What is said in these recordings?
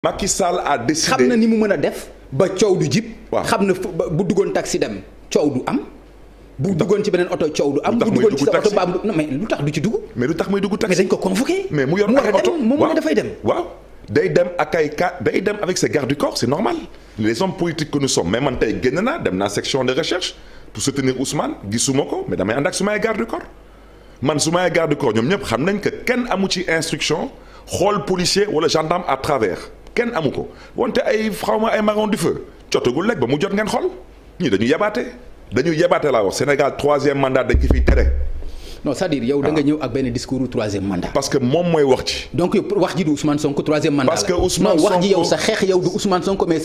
Macky Sall a décidé xam na ni mu mën a def ba coow du jib. waa xam na bu duggoon taxi dem coow du am. bu duggoon ci beneen oto coow du am. bu duggoon ci sa oto ba am non mais lu tax du ci dugg. mais lu tax may dugg taxi mais dañ ko convoqué. mais mu yor ay oto mu war a dem moom mu ne dafay dem. waaw day dem ak ay cas day dem avec ses gardes du corps c'est normal. les hommes politiques que nous sommes mais man tey génn naa dem naa section de recherche pour soutenir Ousmane gisuma ko mais damay ànd ak su may garde du man su may garde ñoom ñëpp xam nañ que kenn amu ci instruction xool policier wala gendarme à travers kenn amu ko wante ay xawma ay marron du feu cotagul lekk ba mu jot ngeen xool ñii dañu yebaate dañu yebaate laa wax Sénégal troisième mandat dañ ci fiy tere. non cest dire yow da ah. ñëw ak benn discours troisième mandat. parce que moom mooy wax ci. donc wax ji du Ousmane Sonko troisième mandat parce que Ousmane Sonko non wax ji du Ousmane Sonko mais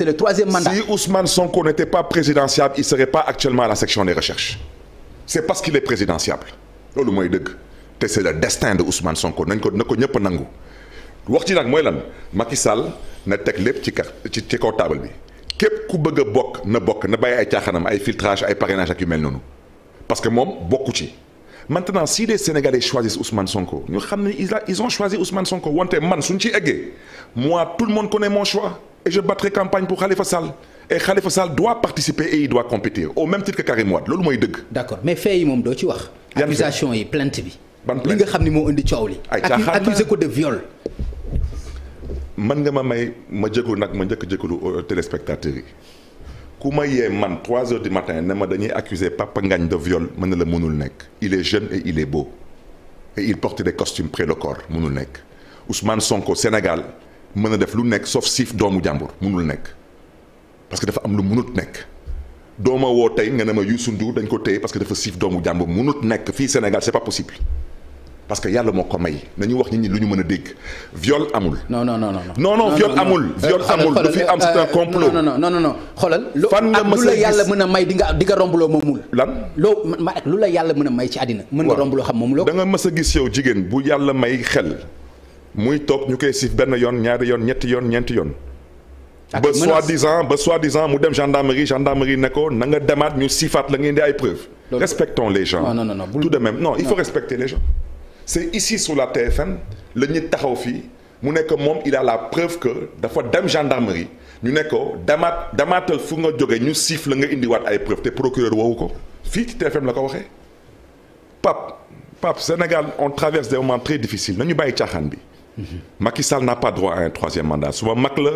mandat. si Ousmane Sonko n'était pas présidentiable il serait pas actuellement à la section des recherches c'est parce qu'il est présidentiable loolu mooy dëgg te c'est le destin ko na ko ñëpp nangu. wax ci nag mooy lan Macky Sall na teg lépp ci kar ci ci kaw taabal bi képp ku bëgg a bokk na bokk na bàyyi ay caaxaanam ay filtrage ay parrainage ak yu mel noonu parce que moom bokku ci. maintenant si les Sénégalais choisissent Ousmane Sonko ñu xam ne ils ont choisi Ousmane Sonko wante man suñ ci eggee moi tout le monde connaît mon choix et je battrai campagne pour Khalifa Sall et Khalifa Sall doit participer et il doit compétir au même titre que Karim Wade loolu mooy dëgg. d'accord moom doo ci wax. accusation yi plainte bi. nga xam ne moo indi coow li. ay accusé ko man nga ma may ma jégalu nag ma njëkk jégalu euh, téléspectateurs yi ku ma man 3 heures du matin ne ma dañuy accuser Papa Ngagne de viol mën na la mënul nekk il est jeune et il est beau et il porte des costumes près le corps mënul nekk Ousmane Sonko Sénégal mën na def lu nekk soof siif doomu jàmbur mënul nekk parce que dafa am lu mënut nekk dooma woo tey nga ne ma Youssou Ndour dañ ko téye parce que dafa siif doomu jàmbur mënut nekk fii Sénégal c'est pas possible parce que yàlla moo ko may nañu wax nit ñi lu ñu mën a dégg viol amul. non non non non non non viol amul. Euh, viol amul lu fi am c'est un euh, complot. non non non non xoolal. fan nga mës a gis lu la yàlla mën a may di nga di nga romb loo moomul. lan loo ma ak lu la yàlla mën a may ci àddina. mën nga romb loo xam moom loo da nga mës a gis yow jigéen bu yàlla may xel muy toog ñu koy siif benn yoon ñaari yoon ñetti yoon ñeenti yoon. ba soi-disant ba soi-disant mu dem gendarmerie gendarmerie ne ko na nga demaat ñu siifaat la nga indi ay preuves. respectons les gens. non non non tout de même non il faut respecter les gens c'est ici sur la TFM la ñuy taxaw fii mu nekk moom il a la preuve que dafa dem gendarmerie ñu nekkoo ko damaat damaatal fu nga jógee ñu siif la nga indiwaat ay preuve te procureur waxu ko fii ci TFM la ko waxee Pape Pape Sénégal on traverse des moments très difficiles nañu bàyyi caaxaan bi mhm. Macky Sall n'a pas droit à un troisième mandat suba mag la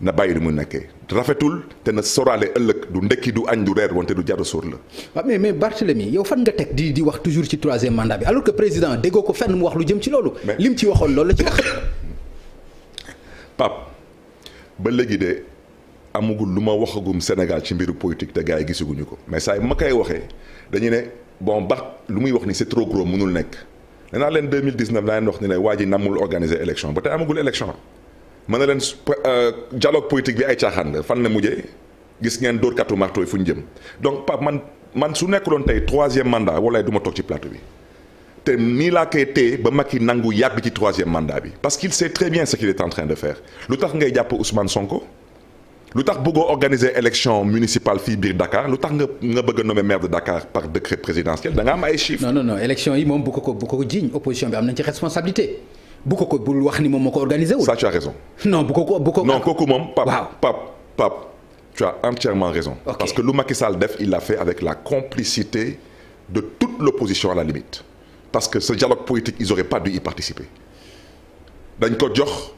na bàyyi lu mu nekkee rafetul te na soraale ëllëg du ndekki du añ du reer wante du jaru suur la. waaw mais mais Barthélemy yow fan nga teg di di wax toujours ci troisième mandat bi alors que président déggoo ko fenn mu wax lu jëm ci loolu. li mu ci waxoon loolu la ci wax. Pape ba léegi de amagul lu ma waxagum Sénégal ci mbiru politique te gars yi gisaguñu ko mais saa yi ma koy waxee dañu ne bon bax lu muy wax ni c'est trop gros mënul nekk nee naa leen 2019 naa ni ne waa ji namul organiser ba tey amagul élection. mën na leen euh, dialogue politique bi ay caaxaan la fan la mujjee gis ngeen dóor katu marto yi fu ñu jëm donc Pape man man su nekkuloon tey troisième mandat walaay du ma toog ci plateau bi te nii laa koy téye ba Macky nangu yàgg ci troisième mandat bi parce qu'il sait très bien ce qu'il est en train de faire lu tax ngay jàpp Ousmane Sonko lu tax bëggoo organiser élection municipale fii biir Dakar lu tax nga nga bëgg a nommer maire de Dakar par décret présidentiel yi moom bu ko ko bu ko jiiñ bu ko ko bul wax ni moom moo ko organisé wul. ça tu as raison. non bu ko ko bu ko. non kooku moom Pape waaw Pape Pape tu as entièrement raison. Okay. parce que lu Macky Sall def il l'a fait avec la complicité de toute l'opposition à la limite parce que ce dialogue politique ils auraient pas dû y participer dañ ko jox.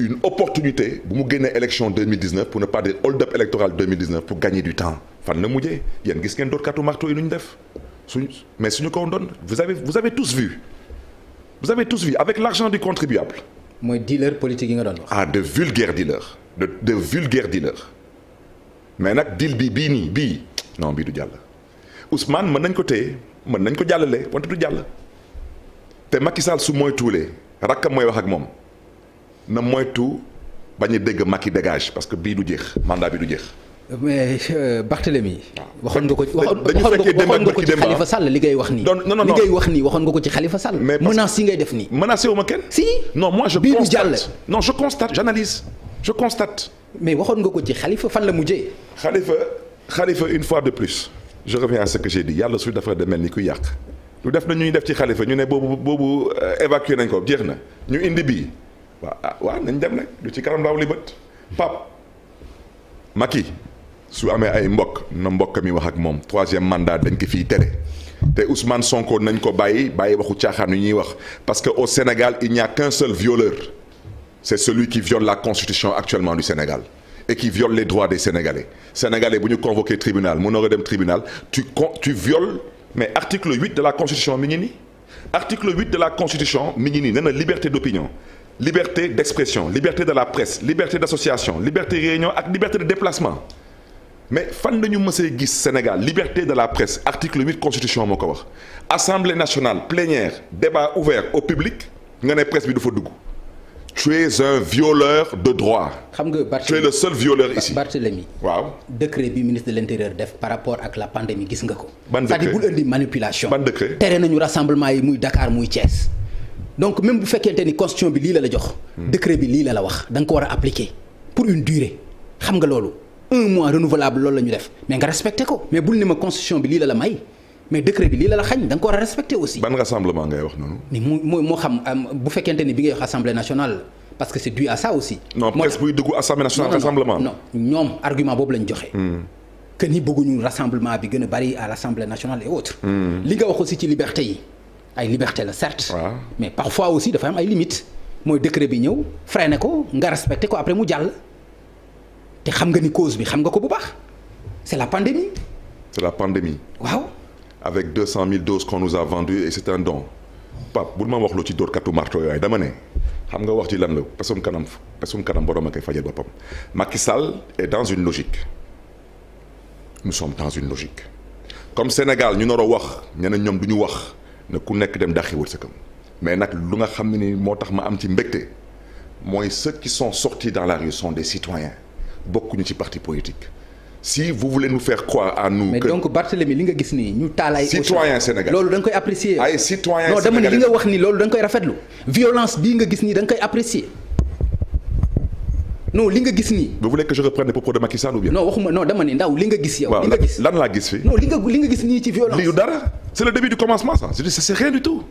une opportunité bu mu génnee élection 2019 pour ne pas dire hold-up électoral 2019 pour gagner du temps fan la mujjee yéen gis ngeen dóor katu marto yi nu ñu def suñ mais suñu ko woon doon vous avez vous avez tous vu vous avez tous vu avec l'argent du contribuable. mooy dealer politique yi nga doon wax. ah de vulgaire dealer de de vulgaire dealer mais nag deal bi bii nii bii non bii du jàll Ousmane mën nañ ko téye mën nañ ko jàllale wante du jàll te Macky Sall su moytuwulee rakkam mooy wax ak moom na moytu bañ dégg Macky dégage parce que bii du jeex mandat bi du jeex. mais euh, Barthélemy. waxoon nga ko waxoon nga ko ci Xalifa ah. Sall li ngay wax nii. non non li ngay wax nii waxoon nga ko ci Xalifa Sall. mais menace yi ngay def nii. menacé wu ma kenn. si non moi je constate non je constate j'analyse je constate. mais waxoon nga ko ci Xalifa fan la mujjee. Xalifa Xalifa une fois de plus. je reviens à ce que j'ai dit yàlla suy dafa ni ku yàq. lu def na ñuy def ci Xalifa ñu ne boobu boobu euh, évacué nañ ko jeex na ñu indi bi waaw ah waa nañ dem nag lu ci kanam daaw li bët Pape su amee ay mbokk na mbokk mi wax ak moom troisième mandat dañ ko fiy tere te Ousmane Sonko nañ ko bàyyi bàyyi waxu caaxaan yu ñuy wax parce que au Sénégal il n'y a qu'un seul violeur c'est celui qui viole la constitution actuellement du Sénégal et qui viole les droits des Sénégalais Sénégalais bu ñu convoqué tribunal mu dem tribunal tu con tu violes mais article huit de la constitution mi ngi ni article huit de la constitution mi ngi ni nee na liberté d'opinion liberté d'expression liberté de la presse liberté d'association liberté de réunion ak liberté mais fan la ñu mësee gis Sénégal liberté de la presse article huit constitution moo ko wax assemblée nationale plénière débat ouvert au public nga ne presse bi du fa dugg. tu es un violeur de droit. xam nga Barthélemy tu es le seul violeur ici. waaw décret bi ministre de l' intérieur def par rapport ak la pandémie gis nga ko. ban décret cest à bul indi manipulation. tere nañu rassemblement yi muy Dakar muy cees donc même bu fekkente ni constitution bi lii la la jox. Hmm. décret bi lii la la wax da ko war a appliquer pour une durée xam nga loolu. un mois renouvelable loolu la ñu def mais nga respecté ko mais bul ne ma constitution bi lii la la may mais décret bi lii la la xañ da ko war a respecté aussi. ban rassemblement ngay wax noonu. mais moo xam bu fekkente ni bi ngay wax assemblée nationale aussi. non presque hmm. gën a bari à l'assemblée nationale et autres. Hmm. li nga wax aussi ci liberté la certes. Ouais. Ah. mais parfois aussi dafa am ay limites mooy décret bi ñëw freiné ko nga respecté ko après mu jàll. te xam nga ni cause bi xam nga ko bu baax c'est la pandémie. c'est la pandémie. waaw. avec 200 000 doses qu'on nous a vendues et c'est un don Pape bul ma wax lu ci dóor katu marto yooyu dama ne xam nga wax ci lan la pesum kanam pesum kanam borom a koy fajal boppam Macky Sall est dans une logique nous sommes dans une logique comme Sénégal ñu naroo wax ñeneen ñoom du ñu wax ne ku nekk dem daxi wër sa kam mais nag lu nga xam ne ni moo tax ma am ci mbégte mooy ceux qui sortis dans la rue sont des citoyens. ñu ci parti politique si vous voulez nous faire croire à nous. mais donc Barthélemy li nga gis nii ñu taal ay. citoyen loolu da nga koy apprécier. nga wax loolu da nga rafet rafetlu violence bi nga gis nii da koy apprécier. non li nga gis nii. vous voulez que je reprenne les propos de Macky ou bien. non waxuma non dama ndaw li nga gis yow. lan laa gis fii. non li nga li nga gis nii ci violence. lii dara c'est le début du commencement ça c'est rien du tout.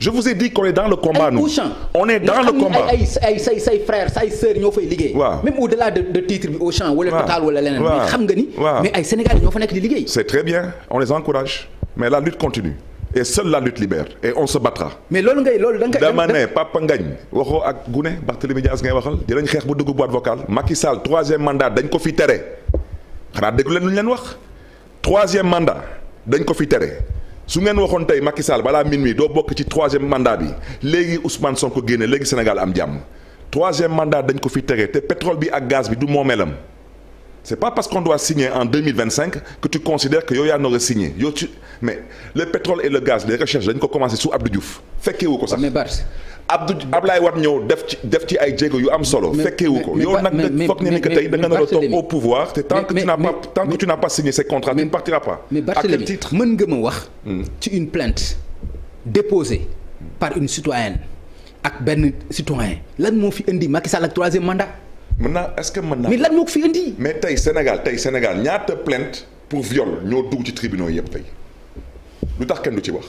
je vous ai dit qu'on est dans le combat nous on est dans le combat ay ay say say frères say sœurs ñoo fay liggéey waaw même au delà de de titre bi au champ wala total wala leneen mais xam nga ni mais ay sénégalais ñoo fa nekk di liggéey c'est très bien on les encourage mais la lutte continue et seule la lutte libère et on se battra mais loolu ngay loolu da nga dama ne Papa Ngagne waxoo ak Gune Barthélémy Dias ngay waxal dinañ xeex bu dugg boîte vocale Macky Sall troisième mandat dañ ko fi tere xanaa déglu leen lu ñu leen wax troisième mandat dañ ko fi tere su ngeen waxoon tey makisal Sall balaa minuit doo bokk ci troisième mandat bi léegi Ousmane ko génne léegi Sénégal am jàmm troisième mandat dañ ko fi tere te pétrole bi ak gaz bi du moomeelam c'est pas parce qu'on doit signer en 2025 que tu considères que yow yaa nara signé yow ci mais le pétrole et le gaz les recherches dañ ko commencé sous Abdou Diouf fekkeewu ko sax. mais Barth Abdou Ablaye Wade ñëw def ci def ci ay jéego yu am solo. fekkewu ko yow nag nag foog ne ni que tey da nga nar a toog au pouvoir te tant que tu n'as pas tant que tu n'as pas signé ces contrats tu ne partiras pas. mais Barthélémy mën nga ma wax. Hmm. ci une plainte déposée par une citoyenne ak benn citoyen lan moo fi indi Macky Sall ak troisième mandat. mën naa est-ce que mën naa. mais lan moo ko fi indi. mais tey Sénégal tey Sénégal ñaata plainte pour viol ñoo dugg ci tribunaux yëpp lu tax kenn du ci wax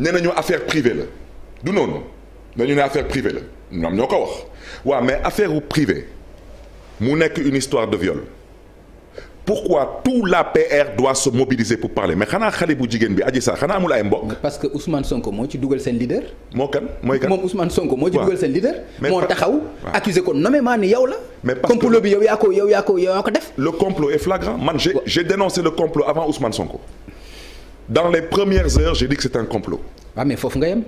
nee nañu affaire privée du noonu. dañu ne affaire privée la ñoom ñoo ko wa waaw mais affaire u privée mu nekk une histoire de viol pourquoi tout l'APR doit se mobiliser pour parler mais xanaa xale bu jigéen bi Adji Sarr xanaa amul ay mbokk. parce que Ousmane Sonko moo ci dugal seen leader. moo kan mooy kan moom Ousmane Sonko moo ci dugal seen leader. moo taxaw ko nommément ni yow la. mais parce que complot bi yow yaa def. le complot est flagrant man j'ai j'ai dénoncé le complot avant Ousmane Sonko dans les premières heures j'ai dit que ah, foofu nga yem.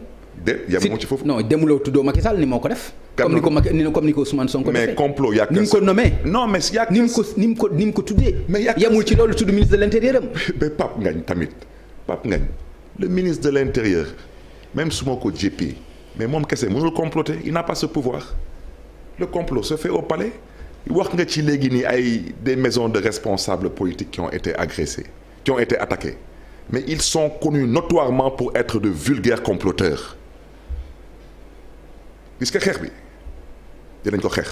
de yàlla moo ci foofu. non demuloo tuddoo Macky Sall ni moo ko def. comme ni ko Macky comme ni ko Ousmane Sonko defee mais complot yàq ni mu ko nommé. non mais yàq ni mu ko ni mu ko ni mais yàq yemul ci loolu tudd ministre de l' intérieur am. mais Pape tamit Pape Ngagne le ministre de l' intérieur même su ma ko jéppee mais moom kese mënul comploter il n' a pas ce pouvoir le complot se fait au palais. wax nga ci léegi nii ay des maisons de responsables politiques qui ont été agressées qui ont été attaquées mais ils sont connus notoirement pour être de vulgaires gis nga xeex bi dinañ ko xeex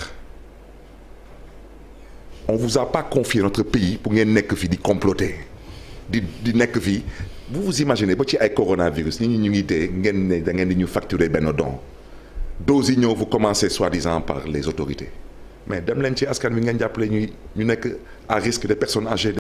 on vous a pas confié notre pays pour ngeen nekk fii di comploter di di nekk fii vous vous imaginez ba ci ay coronavirus nit ñi ñu ngi dee ngeen ne da ngeen di ñu facturer benn don dose yi ñëw vous commencez soi-disant par les autorités mais dem leen ci askan wi ngeen jàppale ñuy ñu nekk à risque des personnes âgées.